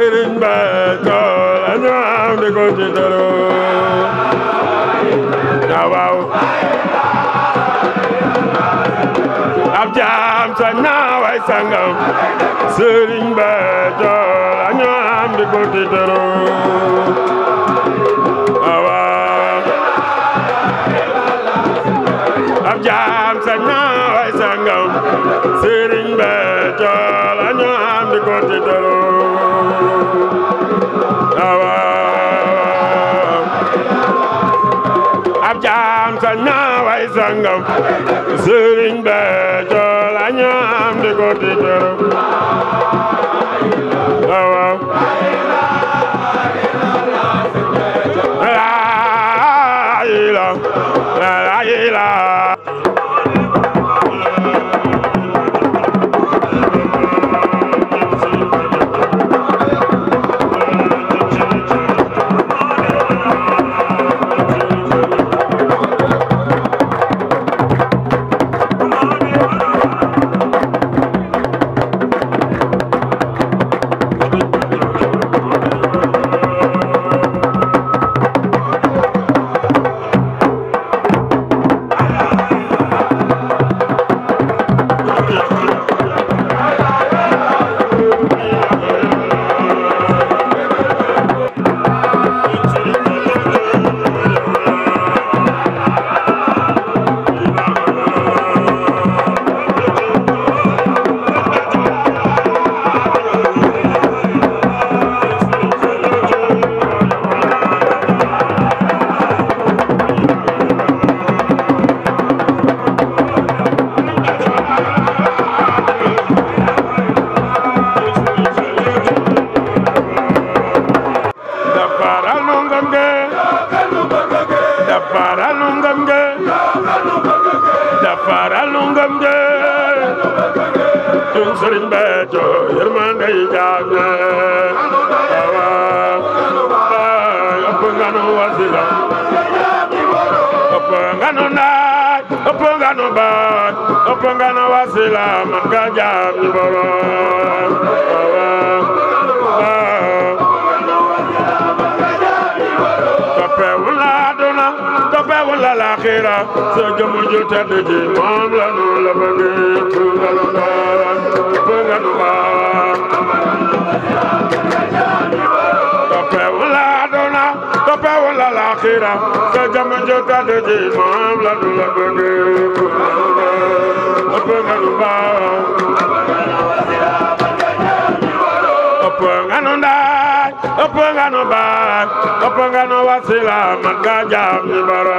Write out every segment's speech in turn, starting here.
sëriñ ba ab jaam sa ñaaway sangam sëriñ ba tool am di ko ci daroo jaam sa ñaaway sangam sëriñ Béthio la am di ko tiitaroo jaam sa ñaaway sangam sëriñ Béthio la ñaam di ko di dafaralu ngëm ngë dafaralu ngëm ngë tun sëriñ Béthio yërmande yi jaam na waaw ëpp nga nu wasila ëpp nga nu naaj ëpp nga nu baat ëpp nga nu wasila man nga jaam ñu borom xiira sa jëmm ju tedd ji moom la nu la bëgg fu nga nu doon fu nga nu baawaan toppewu la aduna toppewu la la xiira sa jëmm ju tedd ji moom la nu la bëgg fu nga nu doon fu nga nu baawaan fu nga nu ndax nga no baay topp nga no wasila man ka jaam ñu baro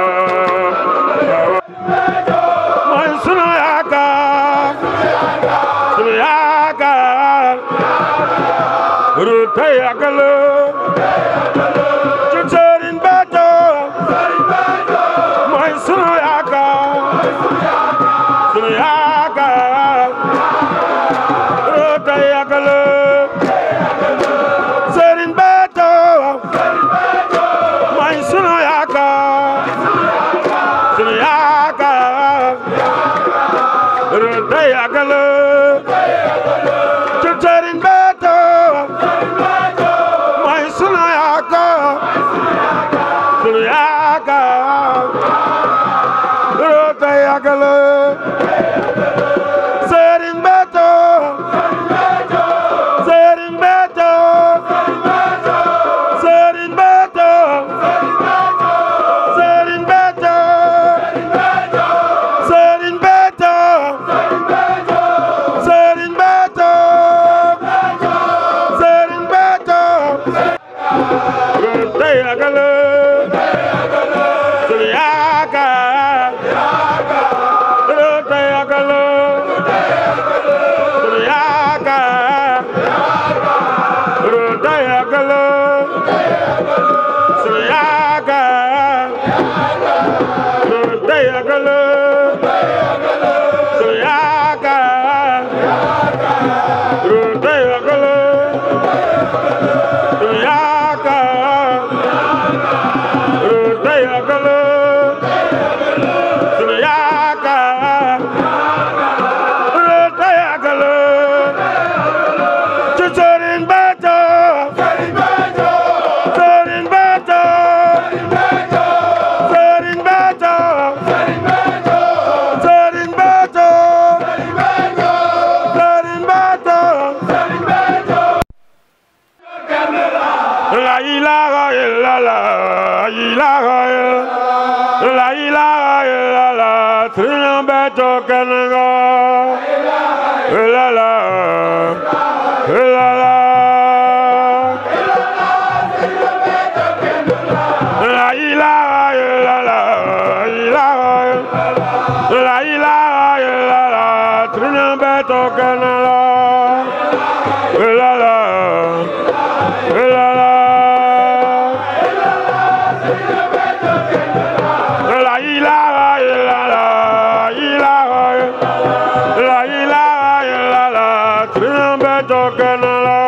yàggal yàggal dogal nga la la la la Tocana Sëriñ Béthio Gën la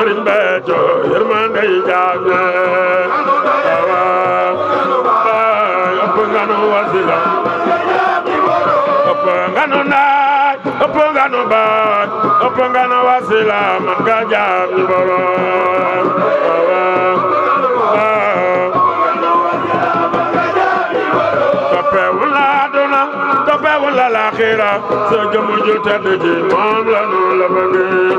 sëriñ Béthio yërmande yi jaam ña waaw ëpp nga nu wasila ëpp nga nu naaj ëpp nga nu baaj ëpp nga nu wasila man nga jaam ñu borom waaw toppewu la aduna toppewu la laaxira sa jëmu ju tedd ji moom la nu la bëgg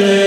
لا